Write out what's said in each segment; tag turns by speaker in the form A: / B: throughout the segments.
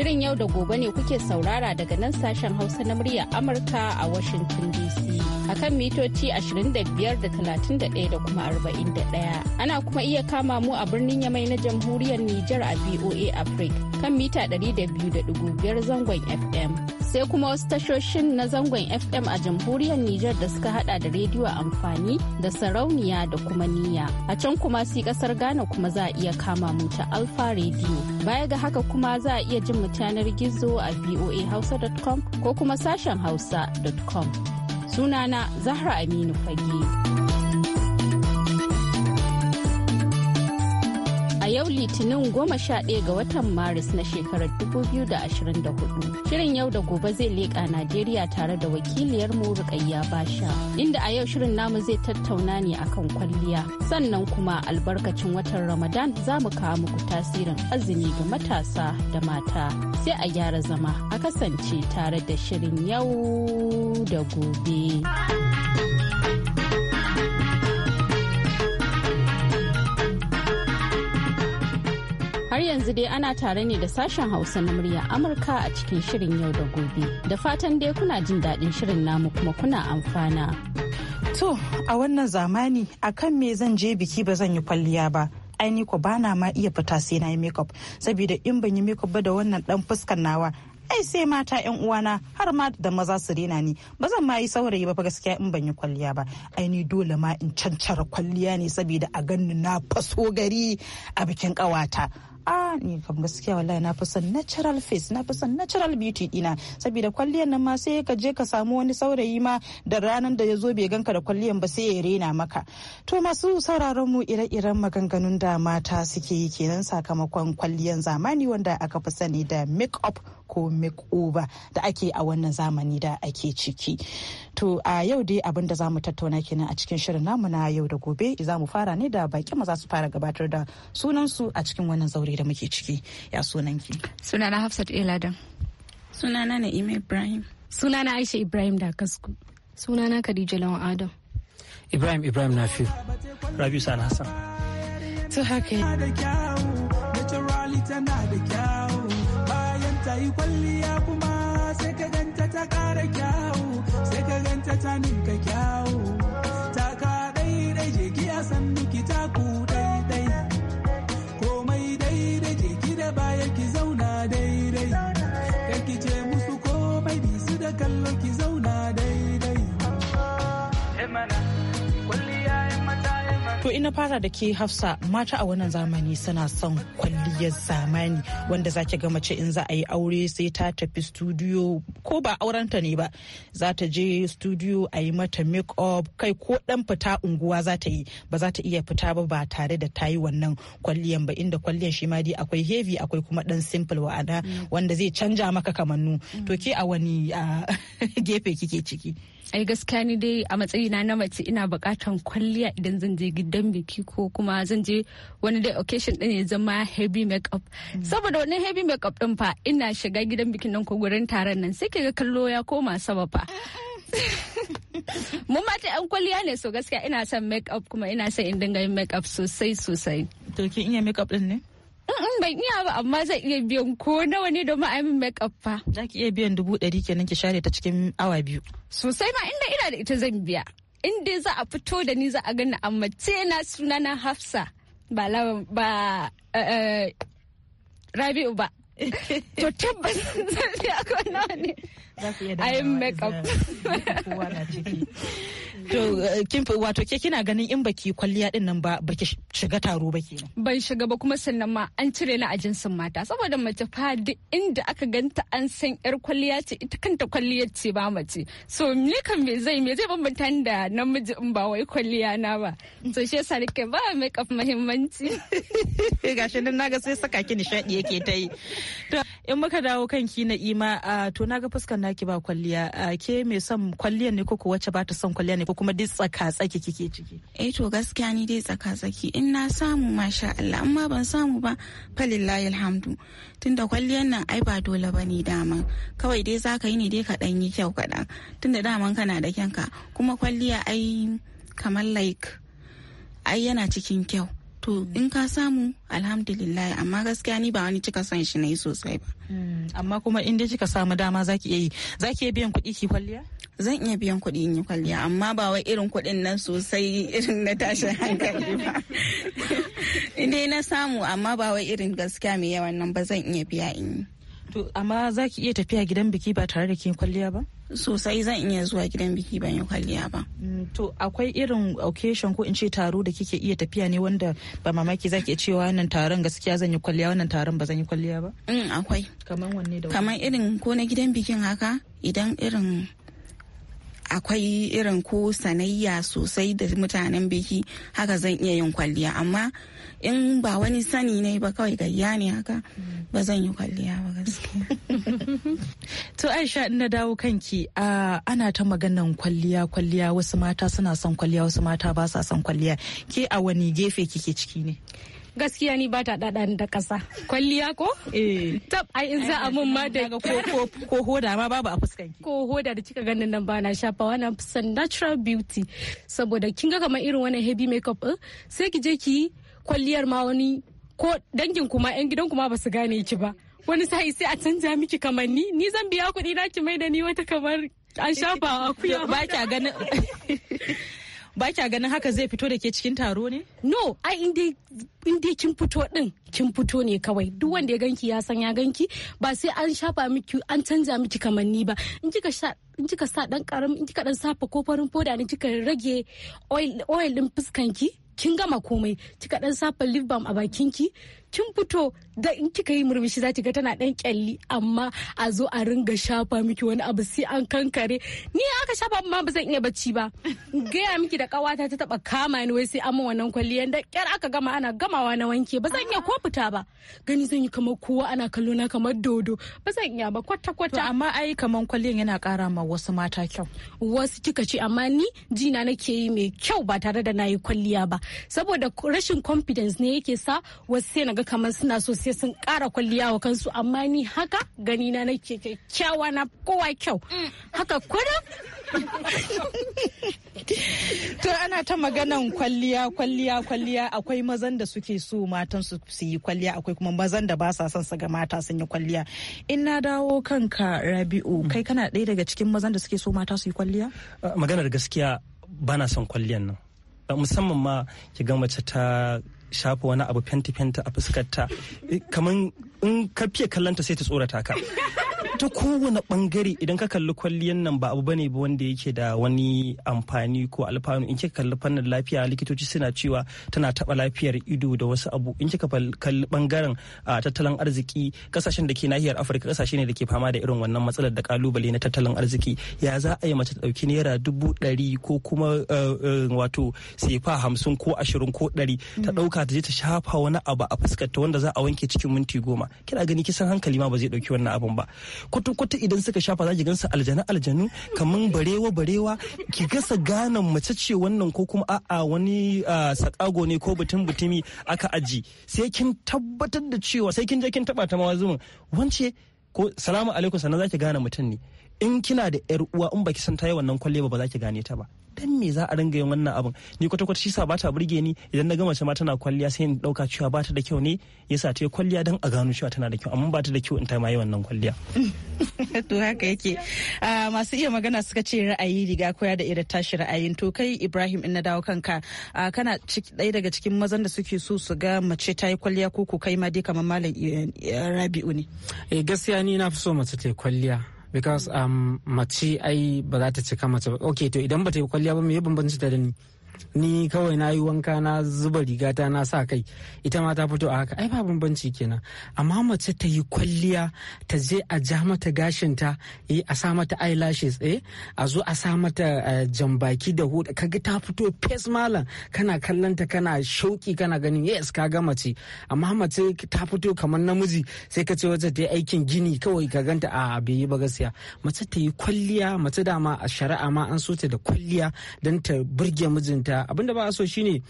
A: Shirin yau da gobe ne kuke saurara daga nan sashen Hausa na murya Amurka a Washington DC. A kan mitoci 25.31 da kuma 41. Ana kuma iya kama mu a birnin Yamai na Jamhuriyar Nijar a VOA Africa kan mita 200.5 zangon FM. sai kuma wasu tashoshin na zangon fm a jamhuriyar nijar da suka hada da rediyo amfani da sarauniya da kuma niyya a can kuma si kasar ghana kuma za a iya kama mu ta alpha radio baya ga haka kuma za a iya jin mu yanar gizo a voahausa.com ko kuma sashen hausa.com sunana zahra aminu fage. yau litinin goma sha ɗaya ga watan maris na shekarar 2024 shirin yau da gobe zai leƙa najeriya tare da wakiliyar mu rukayya basha inda a yau shirin namu zai tattauna ne akan kwalliya sannan kuma albarkacin watan ramadan za mu kawo muku tasirin azumi ga matasa da mata sai a gyara zama a kasance tare da shirin yau da gobe. har yanzu dai ana tare ne da sashen hausa na murya amurka a cikin shirin yau da gobe da fatan dai kuna jin daɗin shirin namu kuma kuna amfana
B: to a wannan zamani akan me zan je biki ba zan yi kwalliya ba aini ko bana ma iya fita sai na yi makeup saboda in ban yi makeup ba da wannan dan fuskan nawa ai sai mata yan uwana har ma da maza su rena ni ba zan ma yi saurayi ba gaskiya in ban yi kwalliya ba ai ni dole ma in cancara kwalliya ne saboda a ganni na faso gari a bikin kawata a ni kam gaskiya wallahi na fi son natural face na fi son natural beauty dina saboda kwalliyan nan ma sai ka je ka samu wani saurayi ma da ranar da ya zo bai ganka da kwalliyan ba sai ya rena maka to masu sauraron mu ire-iren maganganun da mata suke yi kenan sakamakon kwalliyan zamani wanda aka fi sani da make up ko make da ake a wannan zamani da ake ciki to a yau dai abin da zamu tattauna kenan a cikin shirin namu na yau da gobe za mu fara ne da baki maza su fara gabatar da sunansu a cikin wannan zaure da muke ciki ya sunanki
C: sunana hafsat eladan sunana na'ima ibrahim sunana aisha ibrahim da
D: kasku sunana khadija lawan adam
E: ibrahim ibrahim nafi Rabi sani hassan to haka tana
F: da kyawu. ta yi kwalliya kuma sai ka ganta ta ƙara kyawu sai ka ganta ta ninka kyawu
B: ina na fara da ke hafsa mata a wannan zamani suna son kwalliyar zamani wanda zaki ga mace in za a yi aure sai ta tafi studio ko ba aurenta ne ba za ta je studio a yi mata make up kai ko dan fita unguwa za ta yi ba za ta iya fita ba ba tare da ta yi wannan kwalliyan ba inda kwalliyan shi ma dai akwai heavy akwai kuma dan simple wa'ada mm. wanda zai canja maka kamannu mm. to ke a wani ah, gefe kike ciki
C: ai gaskiya ni dai a matsayina na mace ina bukatan kwalliya idan zan je gidan biki ko kuma zan je wani dai occasion din ya zama heavy makeup mm. saboda wani heavy makeup din fa ina shiga gidan bikin nan ko gurin taron nan sai ga kallo ya koma sama fa mun mata yan kwalliya ne so gaskiya ina son makeup kuma ina son in dinga yin makeup sosai sosai to
B: kin iya makeup din ne
C: ban iya ba amma zan iya biyan ko nawa ne domin a yi min makeup fa. Za ki iya biyan dubu ɗari kenan ki share ta cikin awa biyu. Sosai ma inda ina da ita zan biya. In dai za a fito da ni za a gani a mace na suna na Hafsa ba lawan ba eh, eh, Rabi'u ba. To tabbas zan biya ko nawa ne. Za ki iya da makeup. Kowa na
B: to eh, wato ke kina ganin in baki kwalliya din nan ba baki shiga taro ba kenan
C: ban shiga ba kuma sannan ma an cire ni a jinsin mata saboda mace fa duk inda aka ganta an san yar kwalliya ce ita kanta kwalliya ce ba mace so ni kan me zai me zai bambanta da namiji in ba wai kwalliya na ba to shi yasa nake ba makeup muhimmanci
B: gashi nan naga sai saka ki nishadi yake ta yi in muka dawo kan ki na ima a to naga fuskar naki ba kwalliya a ke mai son kwalliya ne ko ko wacce ba ta son kwalliya ne ko kuma dai tsaka tsaki kike ciki eh to gaskiya ni dai tsaka tsaki in na samu masha Allah amma ban samu ba falillahi alhamdu tunda kwalliyan nan ai ba dole bane daman kawai dai zaka yi ne dai ka dan yi kyau kaɗan tunda daman kana da kyanka kuma kwalliya ai kamar like ai yana cikin kyau to in ka samu alhamdulillah amma gaskiya ni ba wani cika son shi na yi sosai ba hmm, amma kuma in dai kika samu dama zaki iya yi zaki iya biyan kuɗi ki kwalliya zan iya biyan kuɗi in yi kwalliya amma ba wai irin kuɗin nan sosai irin na tashin hankali ba dai na samu amma ba wai irin gaskiya mai yawan nan ba zan iya biya in yi to amma zaki iya tafiya gidan biki ba tare da kin kwalliya ba sosai zan iya zuwa gidan biki ban yi kwalliya ba. Mm, to akwai irin occasion ko in ce taro da kike iya tafiya ne wanda ba mamaki za ki cewa wannan taron gaskiya zan yi kwalliya wannan taron ba zan yi kwalliya ba? Mm, akwai. Kamar wanne da Kamar irin ko na gidan bikin haka idan irin akwai irin ko sanayya sosai da mutanen biki haka zan iya yin kwalliya amma in ba wani sani ne ba kawai gayya ne haka ba zan yi kwalliya ba gaskiya to aisha na dawo kanki ana ta maganan kwalliya kwalliya wasu mata suna son kwalliya wasu mata ba sa son kwalliya ke a wani gefe kike ciki ne
D: gaskiya ni bata dada da kasa kwalliya ko eh tab ai in za a mun ma da ko ko hoda ma babu a fuskan ki ko hoda da kika ganin nan bana shafa wa nan natural beauty saboda kin ga kamar irin wannan heavy makeup eh, sai ki je ki kwalliyar ma wani ko dangin kuma yan gidan kuma ba su gane ki ba wani sa'i sai a canza miki kamanni ni zan biya kuɗi na ki mai da ni wata kamar an shafa kuya. ba kya ganin ba kya ganin haka zai fito da ke cikin taro ne? No, ai in dai kin fito din kin fito ne kawai duk wanda ya ganki ya san ya ganki ba sai an shafa miki an canza miki kamanni ba in kika sha in kika sa dan karamin in kika dan safa ko farin foda ne kika rage oil oil din fuskanki kin gama komai kika dan safa lip balm a bakin ki kin fito da in kika yi murmushi za ki ga tana dan kyalli amma a zo a ringa shafa miki wani abu sai an kankare ni aka shafa ma ba zan iya bacci ba gaya miki da kawata ta taba kama ni wai sai amma wannan kwalliyan da kyar aka gama ana gamawa na wanke ba zan iya ko fita ba gani zan yi kamar kowa ana kallo na kamar dodo ba zan iya ba kwata kwata amma ai kamar kwalliyan yana kara ma wasu mata kyau wasu kika ce amma ni jina nake yi mai kyau ba tare da na yi kwalliya ba saboda rashin confidence ne yake sa wasu sai na ga kamar suna so sai sun kara kwalliya wa kansu amma ni haka gani na nake kyakkyawa na kowa kyau haka kurin to ana ta maganan kwalliya kwalliya kwalliya
B: akwai mazan da suke so matan su yi kwalliya akwai kuma mazan da ba sa son su ga mata sun yi kwalliya in na dawo kanka rabi'u mm. kai kana ɗaya daga cikin mazan da suke so mata su yi kwalliya
E: uh, maganar gaskiya bana son kwalliyan nan uh, musamman ma ki ga mace ta shafa wani abu fenti-fenti a fuskarta eh, kamar in ka fiye kallanta sai ta tsorata ka ta kowane bangare idan ka kalli kwalliyan nan ba abu bane ba wanda yake da wani amfani ko alfanu in kika kalli fannin lafiya likitoci suna cewa tana taba lafiyar ido da wasu abu in kika kalli bangaren ah, tattalin arziki kasashen da ke nahiyar afirka kasashe ne da ke fama da irin wannan matsalar da kalubale na tattalin arziki ya za a yi mace ta dauki naira dubu ɗari ko kuma eh, eh, wato sefa hamsin ko ashirin ko ɗari ta mm. ɗauka ta je ta shafa wani abu a ta wanda za a wanke cikin minti goma kina gani kisan hankali ma ba zai dauki wannan abun ba kwata kwata idan suka shafa za ki gansa aljanu aljanu kaman barewa barewa ki gasa ganan mace ce wannan ko kuma a'a wani sakago ne ko butun butumi aka aji sai kin tabbatar da cewa sai kin je kin taba ta ma zumun wance ko salamu alaikum sannan za ki gane mutum ne in kina da yar uwa in baki san ta yi wannan kwalle ba ba za ki gane ta ba dan me za a ringa yin wannan abin ni kwata kwata shi sa bata burge ni idan na ga mace ma tana kwalliya sai in dauka cewa bata da kyau ne yasa ta yi kwalliya dan a gano cewa tana da kyau amma bata da kyau in ta ma yi wannan kwalliya
B: to haka yake ah, masu iya magana suka ce ra'ayi riga koya da irin tashi ra'ayin to kai Ibrahim in na dawo kanka ah, kana ɗaya daga cikin mazan da suke so su ga mace ta yi kwalliya ko ko kai ma dai kamar malam eh,
F: Rabi'u ne eh gaskiya ni na fi so mace ta yi kwalliya because um, mace ai ba za ta cika mace ba okay to idan ba ta yi kwalliya ba me ya bambanci da ni ni kawai na yi wanka na zuba rigata na sa kai ita ma ta fito a haka ai ba bambanci kenan amma mace ta yi kwalliya ta je a ja mata gashinta eh, a sa mata eyelashes eh, a zo a sa mata eh, jambaki da huda kaga ta fito face malam kana kallon kana shauki kana ganin yes ka ga mace amma mace ta fito kamar namiji sai ka ce wacce ta yi aikin gini kawai ka ganta a bai yi ba gaskiya mace ta yi kwalliya mace dama a shari'a ma an so ta da kwalliya don ta burge mijinta ta da ba a so shine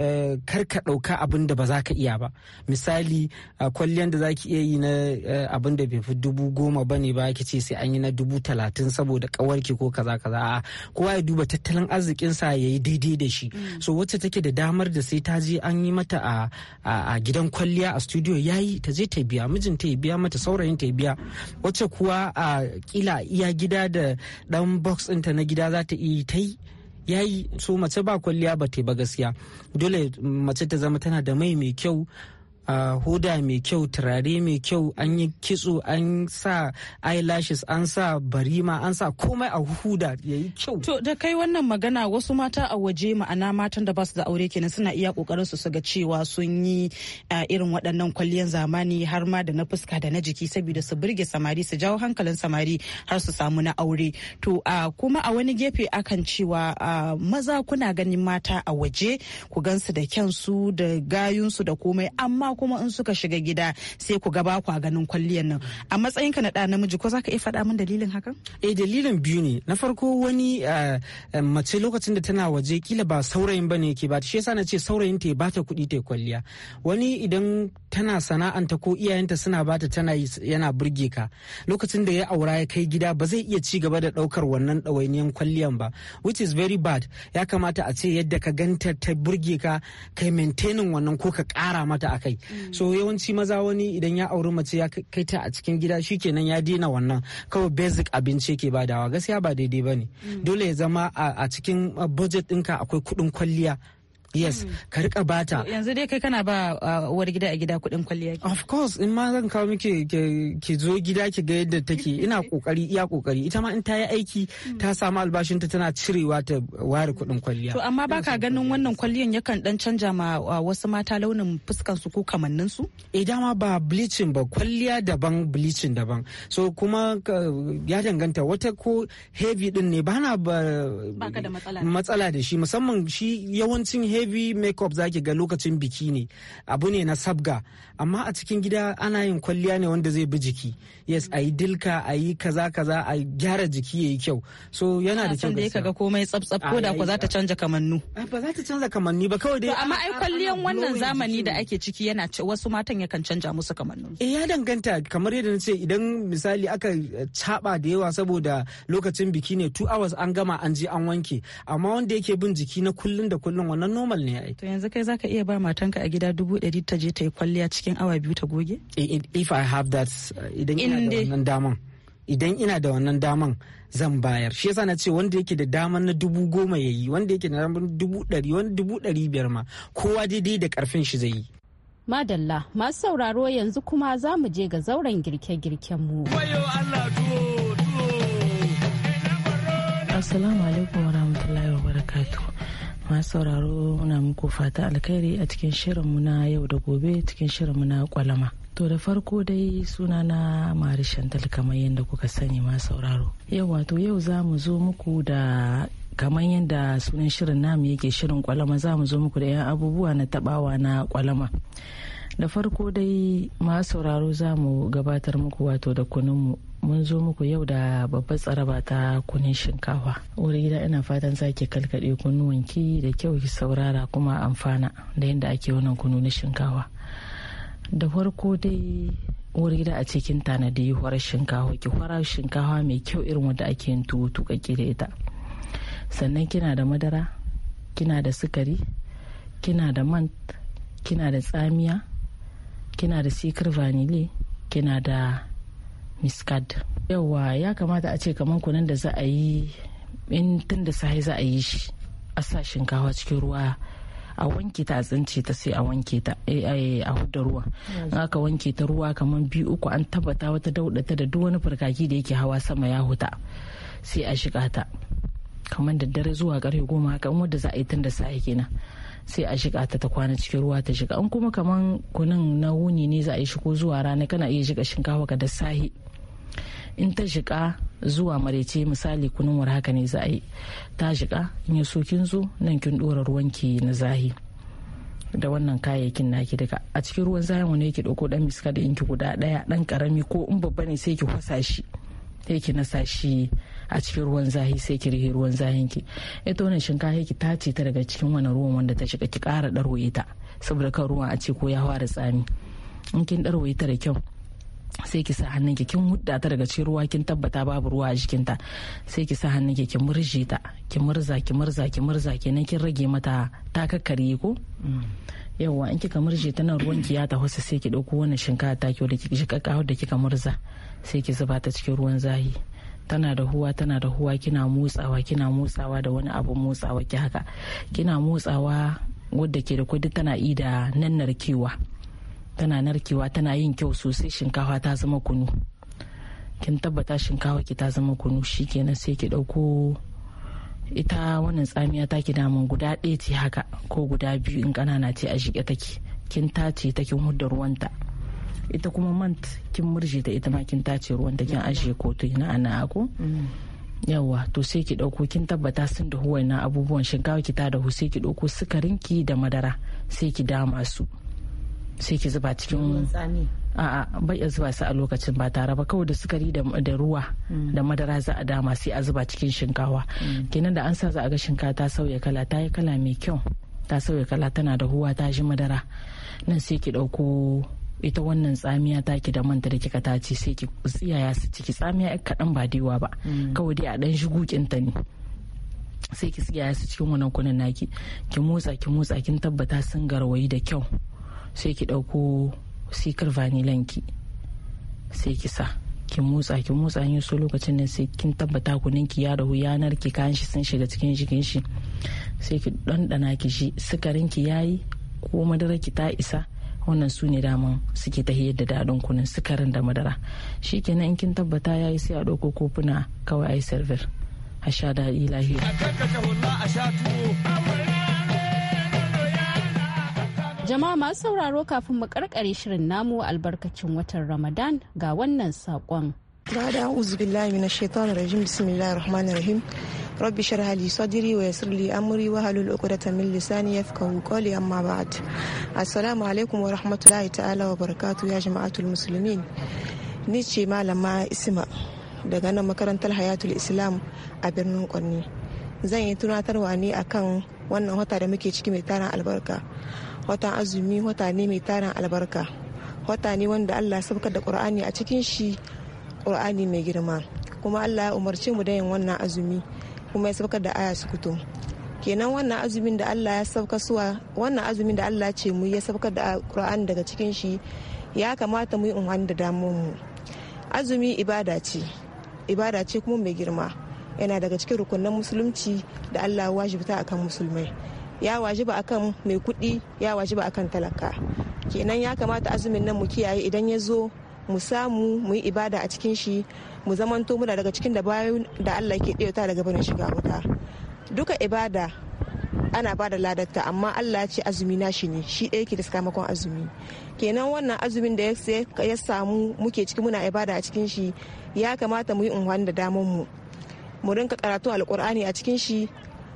F: eh, kar ka ɗauka abin da ba za ka iya ba misali kwalliyar da za ki iya yi na eh, abin da bai fi dubu goma ba ne ba ki ce sai an yi na dubu talatin saboda ki ko kaza kaza a kowa ya duba tattalin arzikinsa ya yi daidai da shi mm. so wacce take da damar da sai ta je an yi mata a gidan kwalliya a studio ya yi ta je ta biya mijin ta biya mata saurayin ta biya wacce kuwa a kila iya gida da ɗan box ɗinta na gida za ta iya ta yi ya yi so mace ba kwalliya ba ta ba gaskiya dole mace ta zama tana da mai mai kyau a huda mai kyau turare mai kyau an yi kitso an sa eyelashes an sa barima an sa komai a huda ya yi
B: kyau to da kai wannan magana wasu mata a waje ma'ana matan da ba su da aure kenan suna iya kokarin su ga cewa sun yi irin waɗannan kwalliyan zamani har ma da na fuska da na jiki saboda su burge samari su jawo hankalin samari har su samu na aure to kuma a wani gefe akan cewa maza kuna ganin mata a waje ku gansu da kyansu da gayunsu da komai amma kuma in suka shiga gida sai ku gaba ku a ganin kwalliyar nan a matsayin ka na da namiji ko zaka iya faɗa min dalilin hakan
F: eh dalilin biyu ne na farko wani eh, eh, mace lokacin da tana waje kila ba saurayin bane yake ba shi yasa na ce saurayin ta ba ta kuɗi ta kwalliya wani idan tana sana'anta ko iyayenta suna bata tana yana burge ka lokacin da ya aura ya kai gida ba zai iya ci gaba da ɗaukar wannan ɗawainiyan kwalliyan ba which is very bad ya kamata a ce yadda ka ganta ta burge ka kai maintaining wannan ko ka ƙara mata akai Mm. so yawanci maza wani idan ya auri mace ya kai ta a cikin gida shi shikenan ya daina wannan kawai basic abinci yake badawa gaskiya ba daidai bane mm. dole ya zama a cikin uh, budget ɗinka akwai kuɗin kwalliya yes mm. ka rika bata
B: yanzu dai kai kana ba uh, uwar gida a gida kuɗin kwalliya
F: of course in ma zan kawo miki ki zo gida ki ga yadda take ina kokari iya kokari ita ma in ta yi aiki mm. ta samu albashinta tana cirewa ta ware kuɗin kwalliya to
B: amma baka ganin wannan kwalliyan yakan dan canja ma uh,
F: wasu mata launin fuskan su ko kamannin su eh dama ba bleaching ba kwalliya daban bleaching daban so kuma ya danganta wata ko heavy din ne bana ba matsala da shi musamman shi yawancin heavy heavy makeup zaki ga lokacin biki ne abu ne na sabga amma a cikin gida ana yin kwalliya ne wanda zai bi jiki yes a yi dilka a yi kaza kaza a gyara jiki yayi kyau so yana da kyau gaskiya ga
B: komai tsabtsab ko da ko za ta
F: canza kamannu ba za ta canza kamanni ba kawai dai amma ai kwalliyan
B: wannan zamani da ake ciki yana wasu matan ya kan canja musu kamannu
F: eh ya danganta kamar yadda nace idan misali aka caba da yawa saboda lokacin biki ne 2 hours an gama an je an wanke amma wanda yake bin jiki na kullun da kullun wannan normal ne ai to
B: yanzu kai zaka iya ba
F: matanka a gida dubu ɗari ta je ta yi kwalliya cikin awa biyu ta goge if i have that uh, idan ina da wannan daman idan ina da wannan daman zan bayar shi yasa na ce wanda yake da daman na dubu goma ya yi wanda yake da daman dubu ɗari wani dubu ɗari biyar ma kowa daidai da karfin shi zai yi
A: madalla masu sauraro yanzu kuma za mu je ga zauren girke-girken
G: mu assalamu alaikum warahmatullahi wabarakatuh masu sauraro muna muku fata alkhairi a cikin shirin mu na yau da gobe cikin shirinmu na kwalama to da farko dai suna na marishan kamar yadda kuka sani ma sauraro yau wato yau za mu zo muku da kamar yadda sunan shirin namu yake shirin kwalama za mu zo muku da 'yan abubuwa na tabawa na kwalama da farko dai masu sauraro za mu gabatar muku wato da kununmu mun zo muku yau da babbar tsaraba ta kunin shinkafa wuri gida ina fatan zaki kalkaɗe kunnuwanki da kyau ki saurara kuma amfana da yadda ake wannan kunu na shinkafa da farko dai wuri gida a cikin tanadi yuwar shinkafa ki fara shinkafa mai kyau irin wanda ake yin tuwo da ita sannan kina da madara kina da sukari kina da man kina da tsamiya kina da sikir vanille kina da miskad yawa ya kamata a ce kamar kunan da za a yi in tun da sahi za a yi shi a sa shinkawa cikin ruwa a wanke ta a tsince ta sai a wanke ta eh, eh, a hudda ruwa in aka wanke ta ruwa kamar biyu uku an tabbata wata daudata da duk wani farkaki da yake hawa sama ya huta sai a shiga ta kamar da dare zuwa karfe goma haka wadda za a yi tun da sahi kenan sai a shiga ta ta kwana cikin ruwa ta shiga in kuma kaman kunun na wuni ne za a yi shigo zuwa rana kana iya shiga shinkawa ka da sahi in ta shiga zuwa marece misali kunun haka ne za a yi ta shiga in yi kin zo nan kin dora ruwanki na zahi da wannan kayayyakin naki daga a cikin ruwan zahi wani yake dauko dan miska da inki guda daya dan karami ko in babba ne sai ki kwasa shi sai ki nasa shi a cikin ruwan zahi sai ki rihe ruwan zahin ki ita wannan shinkafa ki tace ta daga cikin wannan ruwan wanda ta shiga ki kara daro ita saboda kan ruwan a ce ko ya fara tsami in kin ɗarwaye ta da kyau sai ki sa hannun ki kin hudda ta daga cikin ruwa kin tabbata babu ruwa a jikinta sai ki sa hannun ki kin murje ta ki murza ki murza ki murza nan kin rage mata ta kakkare ko mm. yawwa in kika murje ta nan ruwan ki ya taho sai ki dauko wannan shinkafa ta ki da kika da kika murza sai ki zuba ta cikin ruwan zahi tana da huwa tana da huwa kina motsawa kina motsawa da wani abu motsawa ki haka kina motsawa wadda ke da kudi tana ida nan narkewa tana narkewa tana yin kyau sosai shinkafa ta zama kunu kin tabbata shinkafa ki ta zama kunu shikenan sai ki dauko ita wannan tsamiya ta ki damun guda ɗaya ce haka ko guda biyu in ƙanana ce a shige take kin tace ta kin hudda ruwanta ita kuma mant kin murje ta ita ma kin tace ruwanta kin ajiye to na ana ako yawa to sai ki dauko kin tabbata sun da huwa na abubuwan shinkafa ki ta dahu sai ki dauko sukarin ki da madara sai ki dama su sai ki zuba cikin a'a bai a zuba su a lokacin ba tare ba kawai da sukari da ruwa mm. da madara za a dama sai a zuba cikin shinkawa mm. kenan da an sa za a ga shinkawa ta sauya kala ta yi kala mai kyau ta sauya kala tana da huwa ta ji madara nan sai ki ɗauko ita wannan tsamiya taki da manta da kika tace sai ki tsiyaya su ciki tsamiya kaɗan ba daiwa ba mm. kawai dai a ɗan shi ta ne sai ki tsiyaya su cikin wannan kunan naki ki motsa ki motsa kin tabbata sun garwayi da kyau sai ki ɗauko sikar vanilanki sai ki sa ki motsa ki motsa yin so lokacin nan sai kin tabbata kunin ki ya rahu yanar ki kayan shi sun shiga cikin jikin shi sai ki ɗanɗana ki shi sukarin ki yayi ko madara ki ta isa wannan su ne daman suke ta da daɗin kunin sukarin da madara shi kenan in kin tabbata yayi sai a ɗauko kofuna kawai ai server a sha daɗi lahiya.
A: Jama'a masu sauraro kafin mu karkare shirin namu albarkacin watan Ramadan ga wannan sakon
H: bada da a'udhu billahi minash shaitanir rajim bismillahir rahmanir rahim. rabbi sharha li sadri wa yassir li amri wa halul uqdatan min lisani yafqahu qawli amma ba'd assalamu alaikum wa rahmatullahi ta'ala wa barakatuh ya jama'atul muslimin ni ce malama isma daga nan makarantar hayatul islam a birnin kwanni zan yi tunatarwa ne akan wannan wata da muke ciki mai tarin albarka watan azumi wata ne mai tarin albarka wata ne wanda allah sabka da ƙur'ani a cikin shi ƙur'ani mai girma kuma allah ya umarci mu da yin wannan azumi kuma ya sabka da aya sukuto kenan wannan azumin da allah ya sabka suwa wannan azumin da allah ce mu ya sabka da ƙur'ani daga cikin shi ya kamata mu yi unhani da damuwar mu azumi ibada ce ibada ce kuma mai girma yana daga cikin rukunan musulunci da allah ya wajibta akan musulmai ya wajiba akan mai kuɗi ya wajiba akan talaka kenan ya kamata azumin nan mu kiyaye idan ya zo mu samu mu yi ibada a cikin shi mu zamanto muna daga cikin da bayan da Allah ke ta daga barin shiga wuta duka ibada ana ba da ladarta amma Allah ce azumi na shi ne shi ɗaya ke da sakamakon azumi kenan wannan azumin da ya samu muke ciki muna ibada a cikin shi ya kamata mu yi unhwani da damar mu mu rinka karatu alkur'ani a cikin shi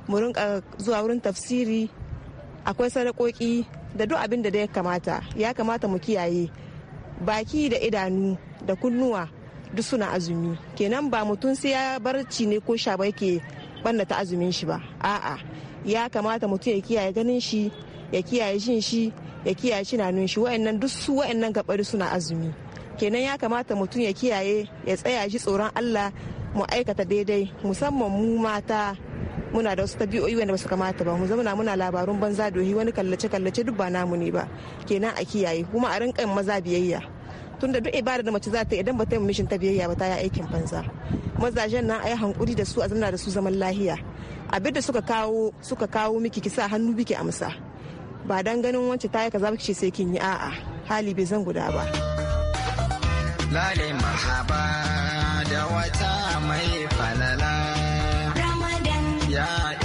H: mu rinka zuwa wurin tafsiri akwai sadakoki da duk abin da ya kamata ya kamata mu kiyaye baki da idanu da kunnuwa duk suna azumi kenan ba mutum sai ya barci ne ko sha ba yake ta azumin shi ba a'a ya kamata mutum ya kiyaye ganin shi ya kiyaye jin shi ya kiyaye tunanin shi wa'annan duk su wa'annan gabari suna azumi kenan ya kamata mutum ya kiyaye ya tsaya shi tsoron Allah mu aikata daidai musamman mu mata muna da wasu tabi'o'i wanda basu kamata ba mu zauna muna labarun banza dohi wani kallace kallace duk ba namu ne ba kenan a kiyaye kuma a rinka maza biyayya tunda duk ibada da mace za ta yi idan ba ta yi mishin ta biyayya ba ta yi aikin banza mazajen nan a yi hankuri da su a zamana da su zaman lahiya abin da suka kawo suka kawo miki kisa hannu biki amsa ba dan ganin wance ta yi kaza ba ce sai kin yi a'a hali bai zan guda ba
G: lale
I: mahaba da wata mai daɗi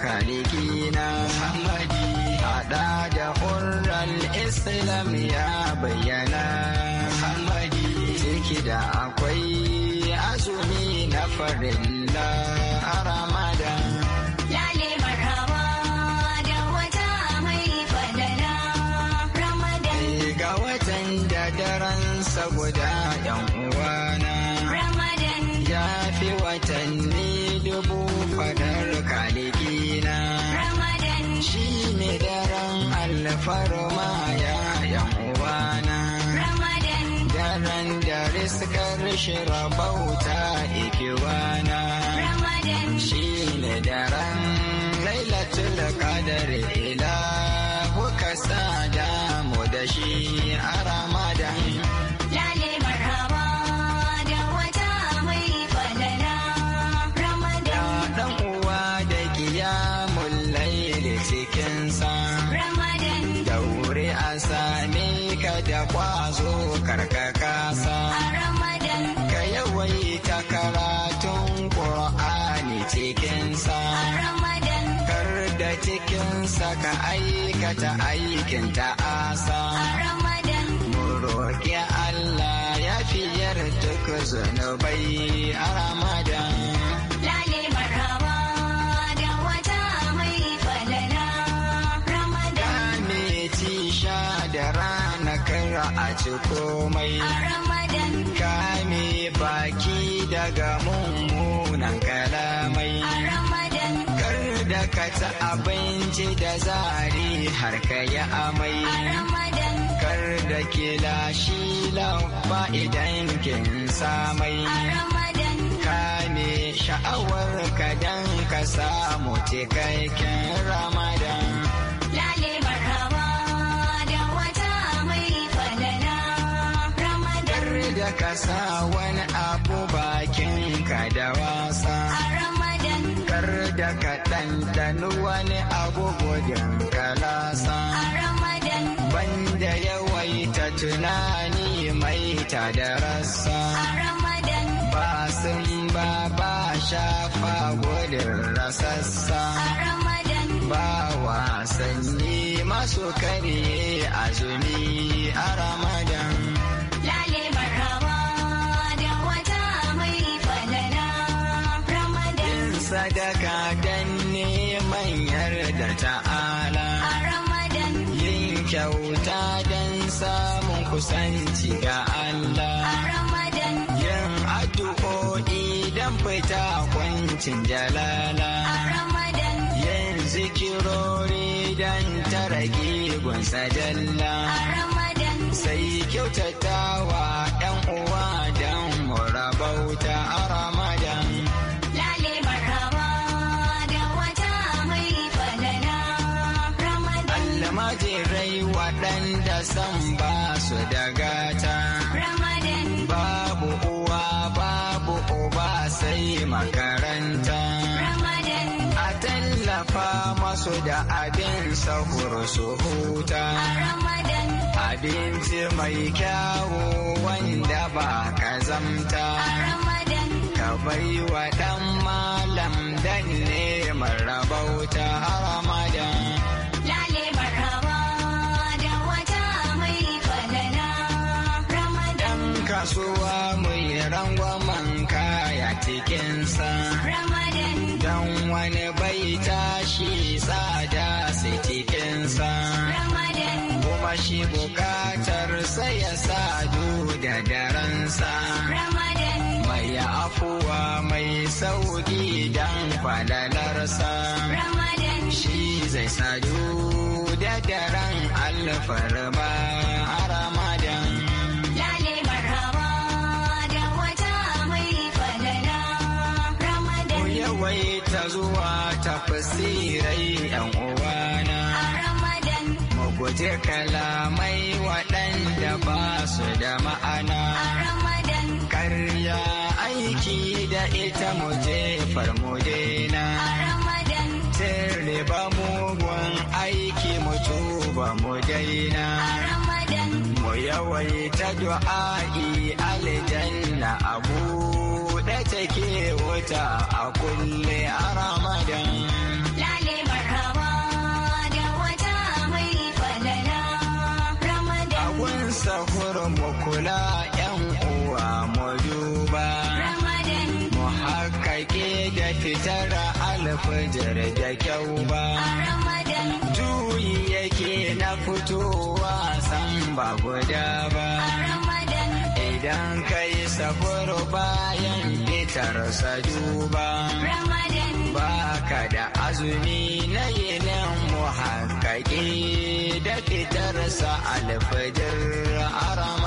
I: khalikina Muhammadi hada da hurral Islam ya bayyana Muhammadi ciki da akwai azumi na farin bushra bauta ikiwana shi ne daren lailatul qadar ila kuka sada mu da shi arama
J: ta aikin
I: ta asa
J: ramadan muro ke Allah
I: ya fi yarda ku zana bai ramadan
J: lale marawa da wata mai falala ramadan
I: ne ti sha da rana kai a ci komai
J: ramadan Kame,
I: baki daga mun ka abinci da zari har ka yi amai kar da ke lashi lamfa idan kin samai Ka ne sha'awar ka dan ka samu cikakken ramadan da ka sa wani abu bakin ka dawa gano wani agogo dangalasa.
J: A Ramadan. Banda
I: yawaita tunani mai ta da rasa. A
J: Ramadan.
I: Ba sun ba ba shafa gudun rasassa.
J: A Ramadan. Ba
I: wasanni masu karye azumi a Ramadan. sadaka dan kusanci ga Allah. Yin addu'o'i don fita kwancin jalala. Yin zikirori don tara gunsa sajalla. Sai kyautatawa ‘yan uwa don murabauta. da abin sahur su huta. Abinci mai kyawu wanda ba ka zamta. Ka bai wa ɗan malam dan ne marabauta a Ramadan. kasuwa mai rangwamen kaya cikinsa. Ramadan. Don wani bai tashi shi bukatar sai ya sadu da daransa.
J: Ramadan mai
I: afuwa mai sauki dan falalarsa.
J: Ramadan shi
I: zai sadu da daren alfarma a Ramadan. Wai ta zuwa guji kalamai
J: waɗanda
I: ba su da ma'ana.
J: Ramadan.
I: Karya aiki da ita mu jefar mu dena.
J: Ramadan.
I: Tere ba mugun aiki mu tuba mu daina. Ramadan. Mu yawaita du'a'i aljanna abu da take wuta a kulle a Ramadan. alfajar da kyau ba juyi yake na fitowa san ba guda ba idan kai safar bayan fitar sa duba baka da azumi na yinin muhakkaki da fitar sa alfajar arama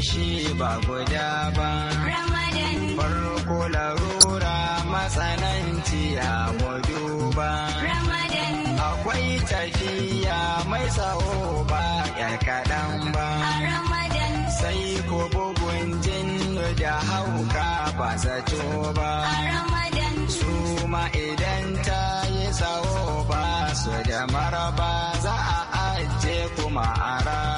I: shi ba guda ba. Farko larura matsananci ya gudu ba. Akwai tafiya mai tsawo ba ya kaɗan ba. Sai ko bugun jinnu da hauka ba zato ba. Su ma idan ta yi tsawo ba su da maraba za a aje kuma a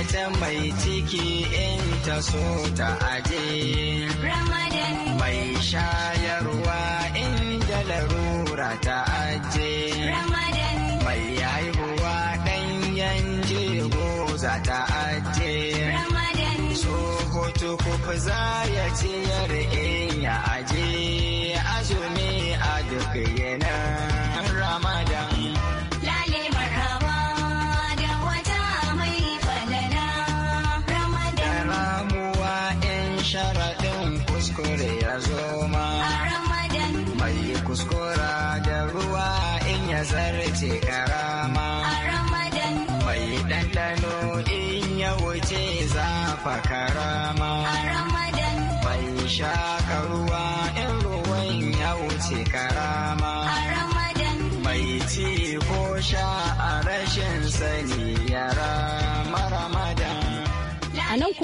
I: mace mai ciki in ta so ta aje.
J: Ramadan mai
I: shayarwa in da larura ta aje.
J: Ramadan mai
I: haihuwa ɗanyen jego za ta aje. Ramadan sokoto ku za ya ciyar in ya aje azumi.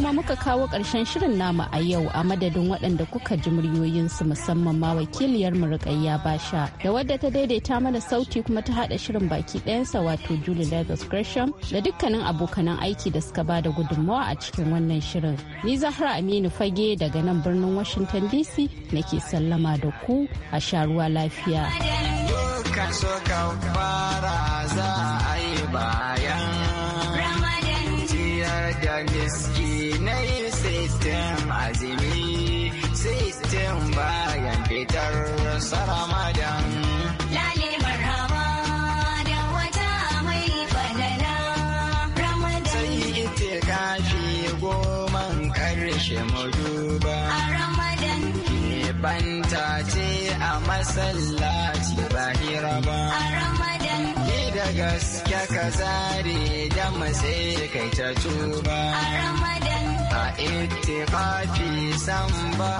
A: kuma muka kawo ƙarshen shirin namu a yau a madadin waɗanda kuka ji muryoyinsu musamman ma wakiliyar murƙayya basha da wadda ta daidaita mana sauti kuma ta haɗa shirin baki ɗayansa wato Julie Lagos Gresham da dukkanin abokanan aiki da suka bada gudunmawa a cikin wannan shirin. Ni Zahra Aminu Fage daga nan birnin Washington DC nake sallama da ku a sharuwa lafiya.
I: Kan so kan fara za a yi baya. miskinai sistem azumi sistem bayan fitar saramadan
J: lale marhaba da wata mai falala ramadan
I: ita kafi goman ƙarshe mu duba
J: a ramadan
I: banta ce a masallaci ba hira ba gaske ka zare da matse kai ta tuba a ittifafi san ba